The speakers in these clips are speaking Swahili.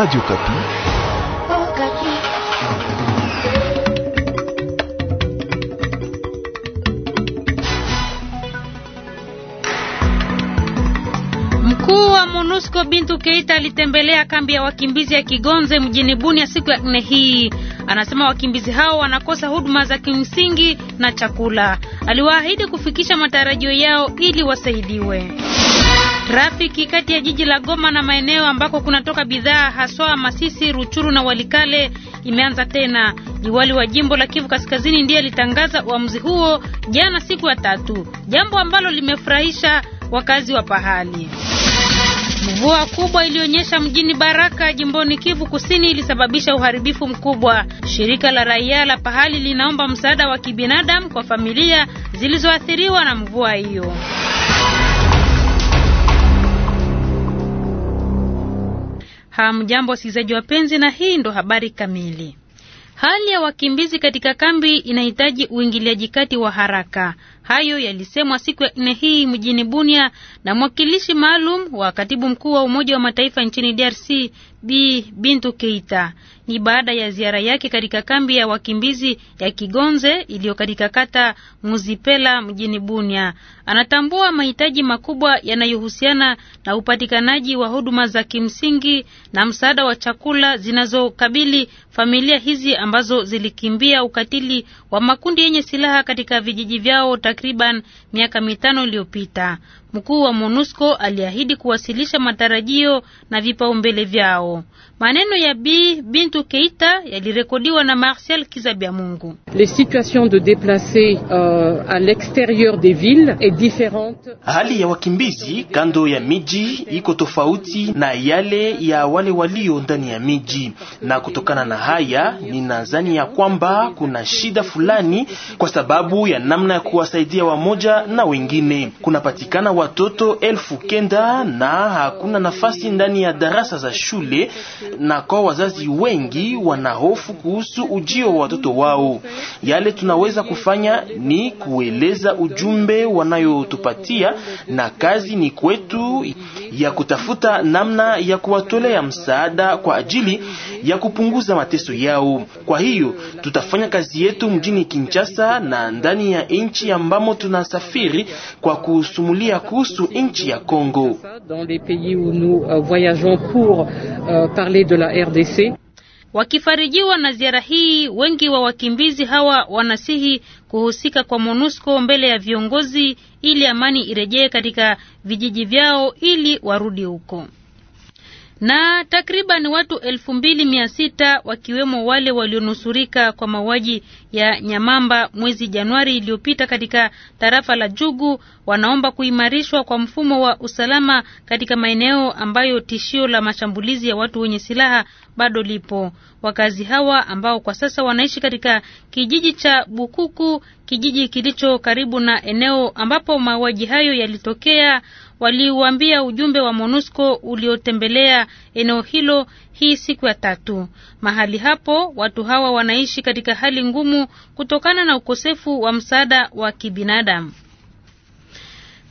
Radio Kapi. Oh, Kapi. Mkuu wa MONUSCO Bintu Keita alitembelea kambi ya wakimbizi ya Kigonze mjini Bunia siku ya nne hii. Anasema wakimbizi hao wanakosa huduma za kimsingi na chakula. Aliwaahidi kufikisha matarajio yao ili wasaidiwe. Trafiki kati ya jiji la Goma na maeneo ambako kunatoka bidhaa haswa Masisi, Ruchuru na Walikale imeanza tena. Liwali wa jimbo la Kivu Kaskazini ndiye alitangaza uamuzi huo jana siku ya tatu, jambo ambalo limefurahisha wakazi wa pahali. Mvua kubwa iliyonyesha mjini Baraka jimboni Kivu Kusini ilisababisha uharibifu mkubwa. Shirika la raia la pahali linaomba msaada wa kibinadamu kwa familia zilizoathiriwa na mvua hiyo. Hamjambo wasikilizaji wapenzi, na hii ndo habari kamili. Hali ya wakimbizi katika kambi inahitaji uingiliaji kati wa haraka. Hayo yalisemwa siku ya nne hii mjini Bunia na mwakilishi maalum wa katibu mkuu wa Umoja wa Mataifa nchini DRC B Bintu Keita. Ni baada ya ziara yake katika kambi ya wakimbizi ya Kigonze iliyo katika kata Muzipela mjini Bunia. Anatambua mahitaji makubwa yanayohusiana na upatikanaji wa huduma za kimsingi na msaada wa chakula zinazokabili familia hizi ambazo zilikimbia ukatili wa makundi yenye silaha katika vijiji vyao takriban miaka mitano iliyopita. Mkuu wa MONUSCO aliahidi kuwasilisha matarajio na vipaumbele vyao. Maneno ya Bi Bintu Keita yalirekodiwa na Martial Mungu. Les situations de déplacés euh, à l'extérieur des villes est différente. Hali ya wakimbizi kando ya miji iko tofauti na yale ya wale walio ndani ya miji, na kutokana na haya ninadhani ya kwamba kuna shida fulani kwa sababu ya namna ya kuwasaidia wamoja na wengine. Kunapatikana watoto elfu kenda na hakuna nafasi ndani ya darasa za shule na kwa wazazi wengi wanahofu kuhusu ujio wa watoto wao. Yale tunaweza kufanya ni kueleza ujumbe wanayotupatia, na kazi ni kwetu ya kutafuta namna ya kuwatolea msaada kwa ajili ya kupunguza mateso yao. Kwa hiyo tutafanya kazi yetu mjini Kinshasa na ndani ya nchi ambamo tunasafiri kwa kusumulia kuhusu nchi ya Kongo. Dans les pays où nous euh, voyageons pour euh, parler de la RDC. Wakifarijiwa na ziara hii, wengi wa wakimbizi hawa wanasihi kuhusika kwa MONUSCO mbele ya viongozi ili amani irejee katika vijiji vyao ili warudi huko na takriban watu elfu mbili mia sita wakiwemo wale walionusurika kwa mauaji ya Nyamamba mwezi Januari iliyopita katika tarafa la Jugu wanaomba kuimarishwa kwa mfumo wa usalama katika maeneo ambayo tishio la mashambulizi ya watu wenye silaha bado lipo. Wakazi hawa ambao kwa sasa wanaishi katika kijiji cha Bukuku, kijiji kilicho karibu na eneo ambapo mauaji hayo yalitokea waliuambia ujumbe wa MONUSCO uliotembelea eneo hilo hii siku ya tatu. Mahali hapo watu hawa wanaishi katika hali ngumu kutokana na ukosefu wa msaada wa kibinadamu.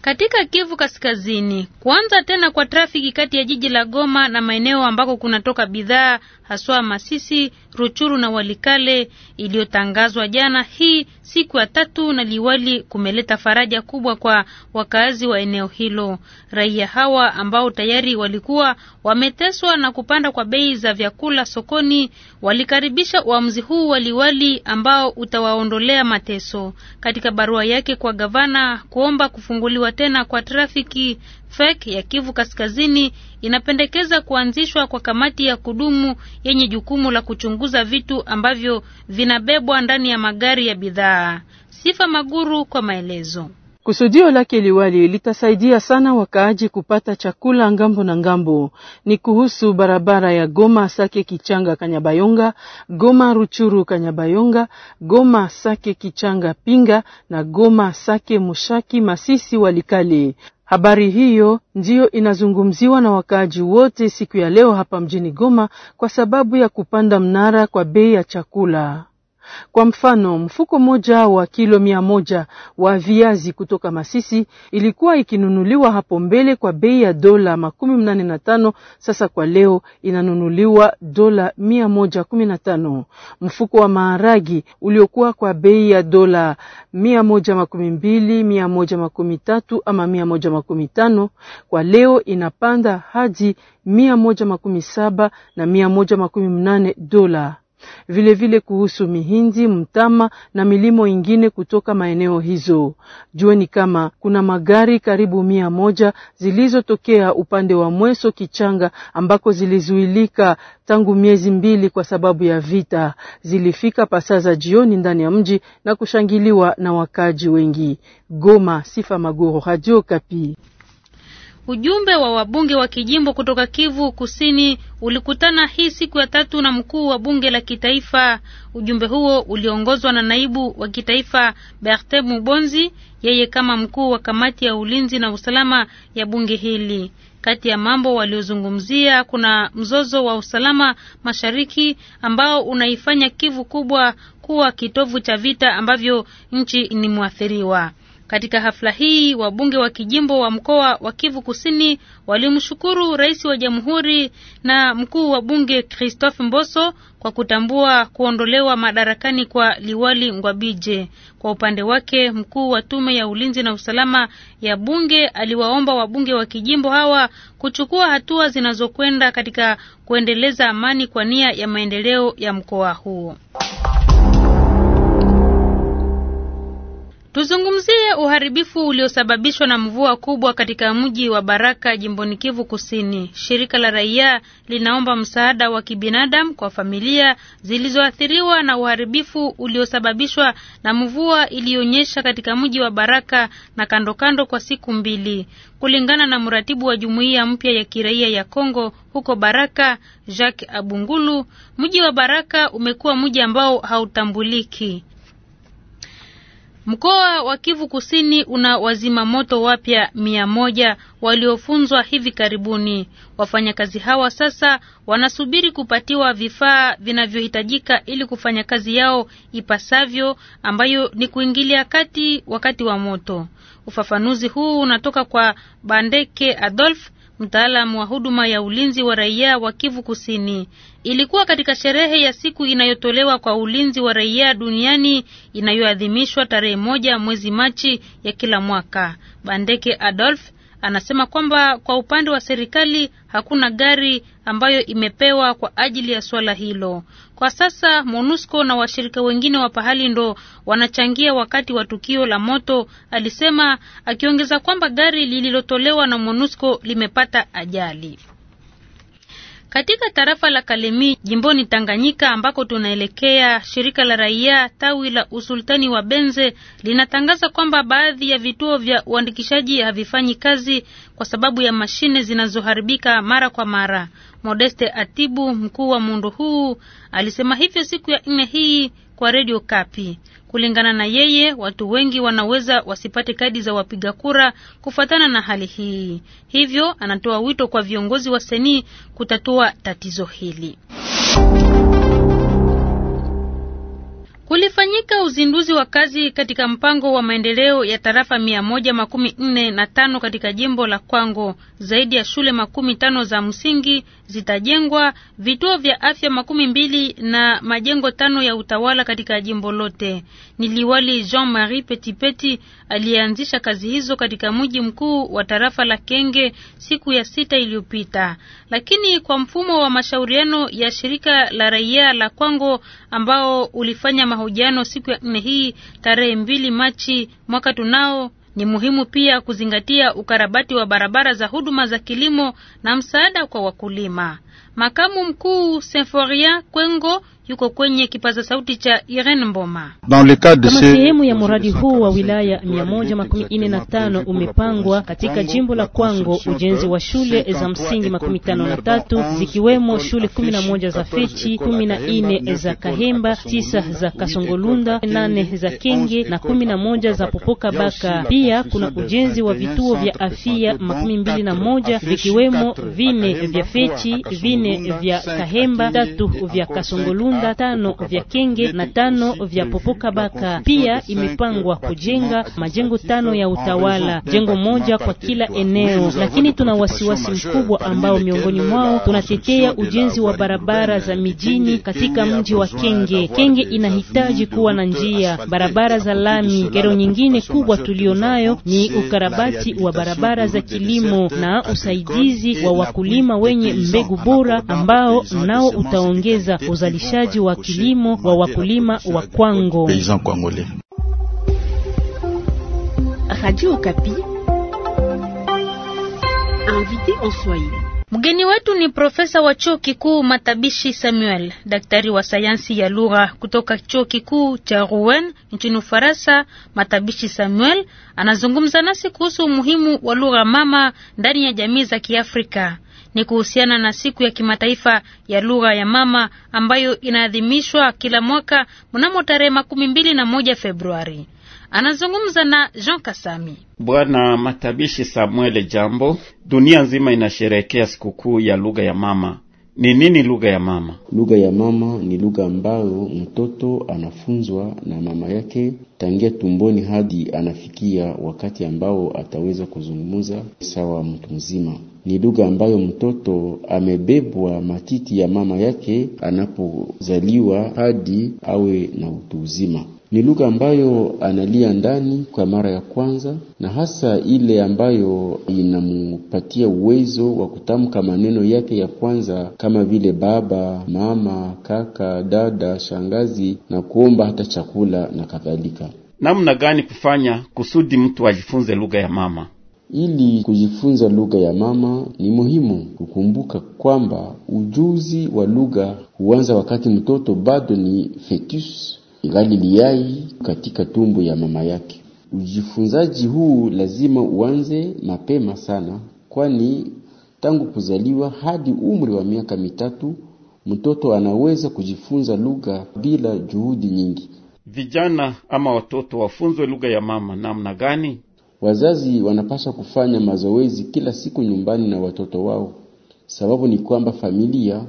Katika Kivu Kaskazini, kuanza tena kwa trafiki kati ya jiji la Goma na maeneo ambako kunatoka bidhaa haswa Masisi, Ruchuru na Walikale iliyotangazwa jana hii siku ya tatu na liwali kumeleta faraja kubwa kwa wakazi wa eneo hilo. Raia hawa ambao tayari walikuwa wameteswa na kupanda kwa bei za vyakula sokoni walikaribisha uamuzi huu wa liwali ambao utawaondolea mateso. Katika barua yake kwa gavana kuomba kufunguliwa kufunguliwa tena kwa trafiki, FEK ya Kivu Kaskazini inapendekeza kuanzishwa kwa kamati ya kudumu yenye jukumu la kuchunguza vitu ambavyo vinabebwa ndani ya magari ya bidhaa. Sifa Maguru kwa maelezo. Kusudio lake liwali litasaidia sana wakaaji kupata chakula ngambo na ngambo. Ni kuhusu barabara ya Goma Sake Kichanga Kanyabayonga, Goma Ruchuru Kanyabayonga, Goma Sake Kichanga Pinga na Goma Sake Mushaki Masisi Walikale. Habari hiyo ndiyo inazungumziwa na wakaaji wote siku ya leo hapa mjini Goma kwa sababu ya kupanda mnara kwa bei ya chakula. Kwa mfano, mfuko moja wa kilo mia moja wa viazi kutoka Masisi ilikuwa ikinunuliwa hapo mbele kwa bei ya dola makumi mnane na tano, sasa kwa leo inanunuliwa dola mia moja kumi na tano. Mfuko wa maharagi uliokuwa kwa bei ya dola mia moja makumi mbili, mia moja makumi tatu ama mia moja makumi tano kwa leo inapanda hadi mia moja makumi saba na mia moja makumi mnane dola vilevile vile kuhusu mihindi, mtama na milimo ingine kutoka maeneo hizo. Jueni kama kuna magari karibu mia moja zilizotokea upande wa Mweso Kichanga ambako zilizuilika tangu miezi mbili kwa sababu ya vita. Zilifika pasaa za jioni ndani ya mji na kushangiliwa na wakaji wengi. Goma, Sifa Magoro, Radio Kapi. Ujumbe wa wabunge wa kijimbo kutoka Kivu Kusini ulikutana hii siku ya tatu na mkuu wa bunge la kitaifa. Ujumbe huo uliongozwa na naibu wa kitaifa Berthe Mubonzi, yeye kama mkuu wa kamati ya ulinzi na usalama ya bunge hili. Kati ya mambo waliozungumzia kuna mzozo wa usalama mashariki ambao unaifanya Kivu kubwa kuwa kitovu cha vita ambavyo nchi ni mwathiriwa. Katika hafla hii wabunge wa kijimbo wa mkoa wa Kivu Kusini walimshukuru rais wa jamhuri na mkuu wa bunge Christophe Mboso kwa kutambua kuondolewa madarakani kwa Liwali Ngwabije. Kwa upande wake, mkuu wa tume ya ulinzi na usalama ya bunge aliwaomba wabunge wa kijimbo hawa kuchukua hatua zinazokwenda katika kuendeleza amani kwa nia ya maendeleo ya mkoa huo. Tuzungumzie uharibifu uliosababishwa na mvua kubwa katika mji wa Baraka jimboni Kivu Kusini. Shirika la raia linaomba msaada wa kibinadamu kwa familia zilizoathiriwa na uharibifu uliosababishwa na mvua iliyonyesha katika mji wa Baraka na kando kando kwa siku mbili. Kulingana na mratibu wa jumuiya mpya ya kiraia ya Kongo huko Baraka, Jacques Abungulu, mji wa Baraka umekuwa mji ambao hautambuliki. Mkoa wa Kivu Kusini una wazima moto wapya mia moja waliofunzwa hivi karibuni. Wafanyakazi hawa sasa wanasubiri kupatiwa vifaa vinavyohitajika ili kufanya kazi yao ipasavyo, ambayo ni kuingilia kati wakati wa moto. Ufafanuzi huu unatoka kwa Bandeke Adolf mtaalamu wa huduma ya ulinzi wa raia wa Kivu Kusini. Ilikuwa katika sherehe ya siku inayotolewa kwa ulinzi wa raia duniani inayoadhimishwa tarehe moja mwezi Machi ya kila mwaka. Bandeke Adolf Anasema kwamba kwa upande wa serikali hakuna gari ambayo imepewa kwa ajili ya swala hilo. Kwa sasa MONUSCO na washirika wengine wa pahali ndo wanachangia wakati wa tukio la moto, alisema, akiongeza kwamba gari lililotolewa na MONUSCO limepata ajali. Katika tarafa la Kalemi jimboni Tanganyika ambako tunaelekea, shirika la raia tawi la usultani wa Benze linatangaza kwamba baadhi ya vituo vya uandikishaji havifanyi kazi kwa sababu ya mashine zinazoharibika mara kwa mara. Modeste Atibu, mkuu wa muundo huu, alisema hivyo siku ya nne hii kwa redio Kapi. Kulingana na yeye, watu wengi wanaweza wasipate kadi za wapiga kura kufuatana na hali hii, hivyo anatoa wito kwa viongozi wa seni kutatua tatizo hili. Kulifanyika uzinduzi wa kazi katika mpango wa maendeleo ya tarafa mia moja makumi nne na tano katika jimbo la Kwango. Zaidi ya shule makumi tano za msingi zitajengwa, vituo vya afya makumi mbili na majengo tano ya utawala katika jimbo lote. Ni liwali Jean-Marie Petipeti aliyeanzisha kazi hizo katika mji mkuu wa tarafa la Kenge siku ya sita iliyopita, lakini kwa mfumo wa mashauriano ya shirika la raia la Kwango ambao ulifanya mahojiano siku ya nne hii tarehe mbili Machi mwaka tunao. Ni muhimu pia kuzingatia ukarabati wa barabara za huduma za kilimo na msaada kwa wakulima. Makamu mkuu Symforia Kwengo yuko kwenye kipaza sauti cha Irene Mboma. Kama sehemu ya mradi huu wa wilaya mia umepangwa katika jimbo la Kwango ujenzi wa shule za msingi makumi zikiwemo shule 11 za Fechi, 14 za Kahemba, 9 za Kasongolunda, 8 za Kenge na 11 za Popoka Baka. Pia kuna ujenzi wa vituo vya afya 21 vikiwemo vine vya Fechi, vine vya Kahemba, tatu vya Kasongolunda vibanda tano vya Kenge na tano vya Popoka Baka. Pia imepangwa kujenga majengo tano ya utawala, jengo moja kwa kila eneo, lakini tuna wasiwasi mkubwa ambao miongoni mwao tunatetea ujenzi wa barabara za mijini katika mji wa Kenge. Kenge inahitaji kuwa na njia, barabara za lami. Kero nyingine kubwa tulionayo ni ukarabati wa barabara za kilimo na usaidizi wa wakulima wenye mbegu bora ambao nao utaongeza uzalishaji uboreshaji wa kilimo wa wakulima wa Kwango. Mgeni wetu ni profesa wa chuo kikuu Matabishi Samuel, daktari wa sayansi ya lugha kutoka chuo kikuu cha Rouen nchini Ufaransa. Matabishi Samuel anazungumza nasi kuhusu umuhimu wa lugha mama ndani ya jamii za Kiafrika ni kuhusiana na siku ya kimataifa ya lugha ya mama ambayo inaadhimishwa kila mwaka mnamo tarehe makumi mbili na moja Februari. Anazungumza na Jean Kasami. Bwana Matabishi Samuel, jambo. Dunia nzima inasherehekea sikukuu ya lugha ya mama ni nini lugha ya mama? Lugha ya mama ni lugha ambayo mtoto anafunzwa na mama yake tangia tumboni hadi anafikia wakati ambao ataweza kuzungumza sawa mtu mzima. Ni lugha ambayo mtoto amebebwa matiti ya mama yake anapozaliwa hadi awe na utu uzima. Ni lugha ambayo analia ndani kwa mara ya kwanza, na hasa ile ambayo inamupatia uwezo wa kutamka maneno yake ya kwanza kama vile baba, mama, kaka, dada, shangazi na kuomba hata chakula na kadhalika. Namna gani kufanya kusudi mtu ajifunze lugha ya mama? Ili kujifunza lugha ya mama ni muhimu kukumbuka kwamba ujuzi wa lugha huanza wakati mtoto bado ni fetus liyai katika tumbo ya mama yake. Ujifunzaji huu lazima uanze mapema sana, kwani tangu kuzaliwa hadi umri wa miaka mitatu mtoto anaweza kujifunza lugha bila juhudi nyingi. Vijana ama watoto wafunzwe lugha ya mama namna gani? Wazazi wanapaswa kufanya mazoezi kila siku nyumbani na watoto wao, sababu ni kwamba familia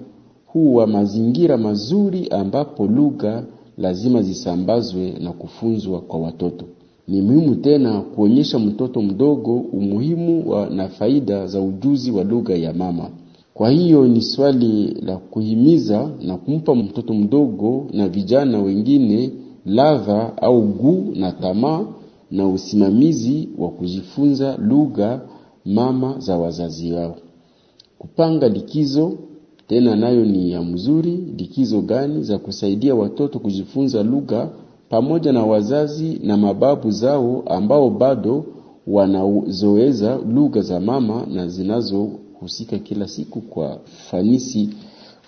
huwa mazingira mazuri ambapo lugha lazima zisambazwe na kufunzwa kwa watoto. Ni muhimu tena kuonyesha mtoto mdogo umuhimu wa na faida za ujuzi wa lugha ya mama. Kwa hiyo ni swali la kuhimiza na kumpa mtoto mdogo na vijana wengine ladha au guu na tamaa na usimamizi wa kujifunza lugha mama za wazazi wao. Kupanga likizo tena nayo ni ya mzuri. Likizo gani za kusaidia watoto kujifunza lugha pamoja na wazazi na mababu zao ambao bado wanazoeza lugha za mama na zinazohusika kila siku kwa fanisi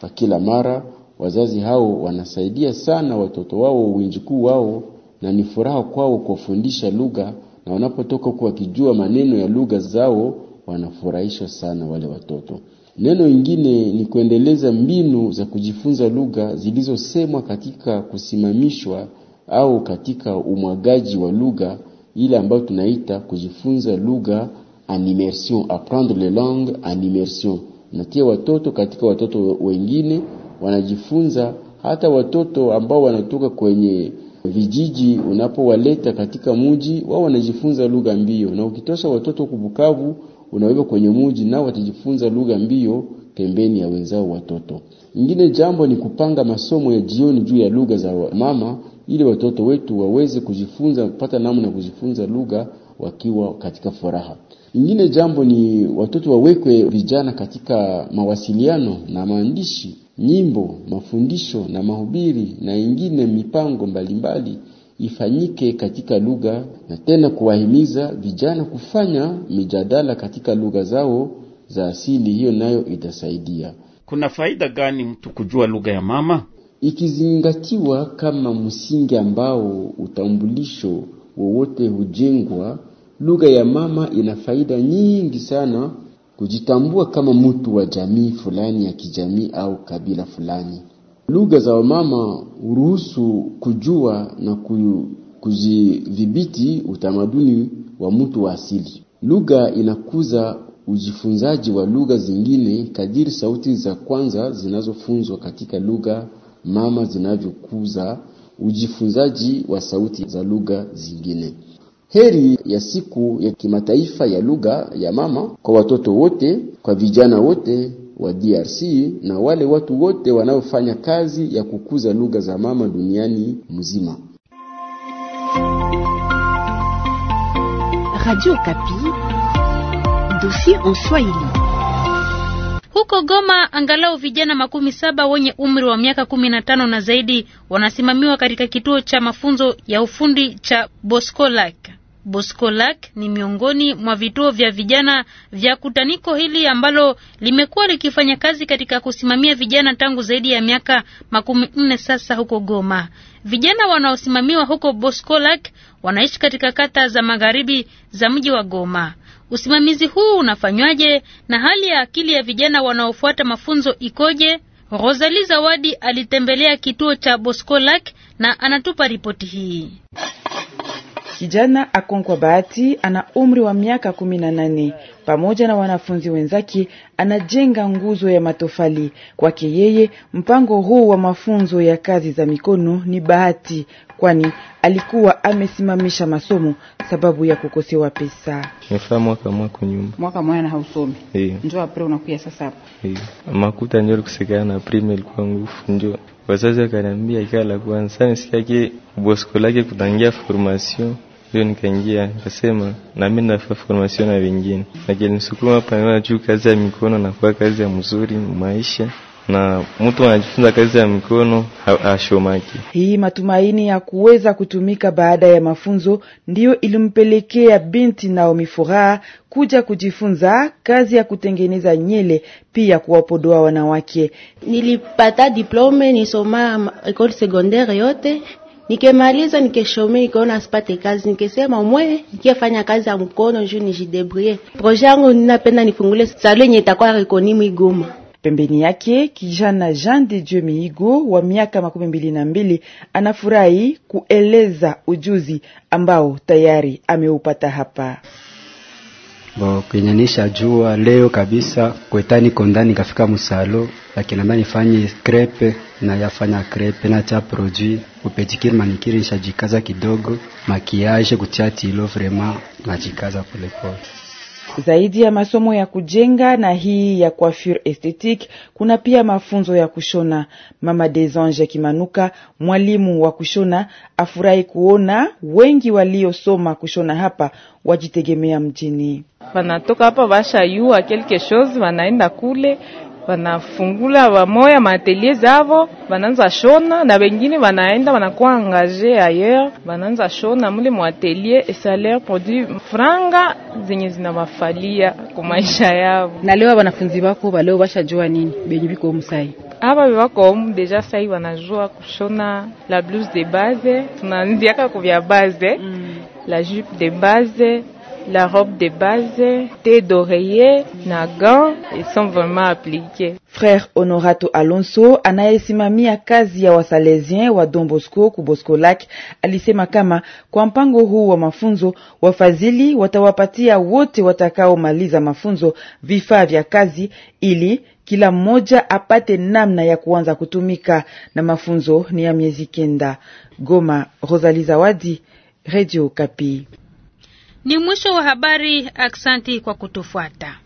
wa kila mara. Wazazi hao wanasaidia sana watoto wao winjukuu wao, na ni furaha kwao kuwafundisha lugha, na wanapotoka huku wakijua maneno ya lugha zao wanafurahishwa sana wale watoto. Neno ingine ni kuendeleza mbinu za kujifunza lugha zilizosemwa katika kusimamishwa au katika umwagaji wa lugha ile ambayo tunaita kujifunza lugha en immersion, apprendre les langues en immersion. Natia watoto katika watoto wengine wanajifunza, hata watoto ambao wanatoka kwenye vijiji unapowaleta katika muji wao wanajifunza lugha mbio, na ukitosha watoto kubukavu unaweka kwenye muji, nao watajifunza lugha mbio pembeni ya wenzao watoto. Ingine jambo ni kupanga masomo ya jioni juu ya lugha za mama, ili watoto wetu waweze kujifunza kupata namna ya kujifunza lugha wakiwa katika furaha. Ingine jambo ni watoto wawekwe vijana katika mawasiliano na maandishi, nyimbo, mafundisho na mahubiri na ingine mipango mbalimbali mbali ifanyike katika lugha na tena kuwahimiza vijana kufanya mijadala katika lugha zao za asili. Hiyo nayo itasaidia. Kuna faida gani mtu kujua lugha ya mama ikizingatiwa kama msingi ambao utambulisho wowote hujengwa? Lugha ya mama ina faida nyingi sana, kujitambua kama mtu wa jamii fulani ya kijamii au kabila fulani lugha za wamama huruhusu kujua na kuzidhibiti utamaduni wa mtu wa asili. Lugha inakuza ujifunzaji wa lugha zingine kadiri sauti za kwanza zinazofunzwa katika lugha mama zinavyokuza ujifunzaji wa sauti za lugha zingine. Heri ya siku ya kimataifa ya lugha ya mama kwa watoto wote, kwa vijana wote wa DRC na wale watu wote wanaofanya kazi ya kukuza lugha za mama duniani mzima. Radio Kapi, dossier en Swahili. Huko Goma angalau vijana makumi saba wenye umri wa miaka kumi na tano na zaidi wanasimamiwa katika kituo cha mafunzo ya ufundi cha Boskolak. Boskolak ni miongoni mwa vituo vya vijana vya kutaniko hili ambalo limekuwa likifanya kazi katika kusimamia vijana tangu zaidi ya miaka makumi nne sasa huko Goma. Vijana wanaosimamiwa huko Boskolak wanaishi katika kata za magharibi za mji wa Goma. Usimamizi huu unafanywaje na hali ya akili ya vijana wanaofuata mafunzo ikoje? Rosalie Zawadi alitembelea kituo cha Boskolak na anatupa ripoti hii. Kijana Akonkwa Bahati ana umri wa miaka kumi na nane. Pamoja na wanafunzi wenzake anajenga nguzo ya matofali. Kwake yeye, mpango huu wa mafunzo ya kazi za mikono ni bahati, kwani alikuwa amesimamisha masomo sababu ya kukosewa pesa. Nifaa mwaka mwako nyuma, mwaka mwana hausomi, njo apre unakuya sasa hapa makuta, njo likusekana na prime ilikuwa ngufu, njo wazazi akaniambia ikala kwanza, nisikia ke bosko lake kutangia formation Leo nikaingia nikasema, na mimi na formation na wengine, na hapa naona juu kazi ya mikono na kwa kazi ya mzuri maisha na mtu anajifunza kazi ya mikono ashomaki. Hii matumaini ya kuweza kutumika baada ya mafunzo ndiyo ilimpelekea binti Naomi Furaha kuja kujifunza kazi ya kutengeneza nyele, pia kuwapodoa wanawake. Nilipata diplome nisoma ekole secondaire yote, Nikemaliza nikeshome, nikaona asipate kazi, nikesema mwe nikefanya kazi ya mkono juu nijidebrie. Proje yangu ninapenda nifungule salo yenye itakuwa rekonimu Igoma. Pembeni yake kijana Jean de Dieu Mihigo wa miaka makumi mbili na mbili anafurahi kueleza ujuzi ambao tayari ameupata hapa bo kwenye nisha jua leo kabisa kwetani kondani kafika musalo lakinamba nifanye krepe na yafanya krepe na cha produit upetikiri manikiri jikaza kidogo makiage kutia tilo vrema najikaza polepole zaidi ya masomo ya kujenga na hii ya coiffure esthétique, kuna pia mafunzo ya kushona. Mama Desange Kimanuka, mwalimu wa kushona, afurahi kuona wengi waliosoma kushona hapa wajitegemea mjini. Wanatoka hapa washayua quelque chose, wanaenda kule banafungula bamoya maatelier zavo bananza shona na bengine banaenda banakuwa angaje ayeur bananza shona mule mwatelier esalaire produit franga zenye zinabafalia ku maisha yavo. Na leo wanafunzi wako baleo bashajua nini benye biko msai aba bebakomu deja sai banajua kushona la blouse de base, tunaanziaka kuvya base mm. la jupe de base la robe de base, thé d'oreiller na gants, ils sont vraiment appliqués. Frère Honorato Alonso anayesimamia kazi ya wasalesien wa Don Bosco ku Bosco Lac, alisema kama kwa mpango huu wa mafunzo wafadhili watawapatia wote watakaomaliza mafunzo vifaa vya kazi ili kila mmoja apate namna ya kuanza kutumika, na mafunzo ni ya miezi kenda. Goma, Rosalie Zawadi, Radio Kapi. Ni mwisho wa habari. Aksanti kwa kutufuata.